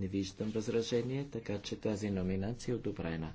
Не виждам възражение, така че тази номинация е одобрена.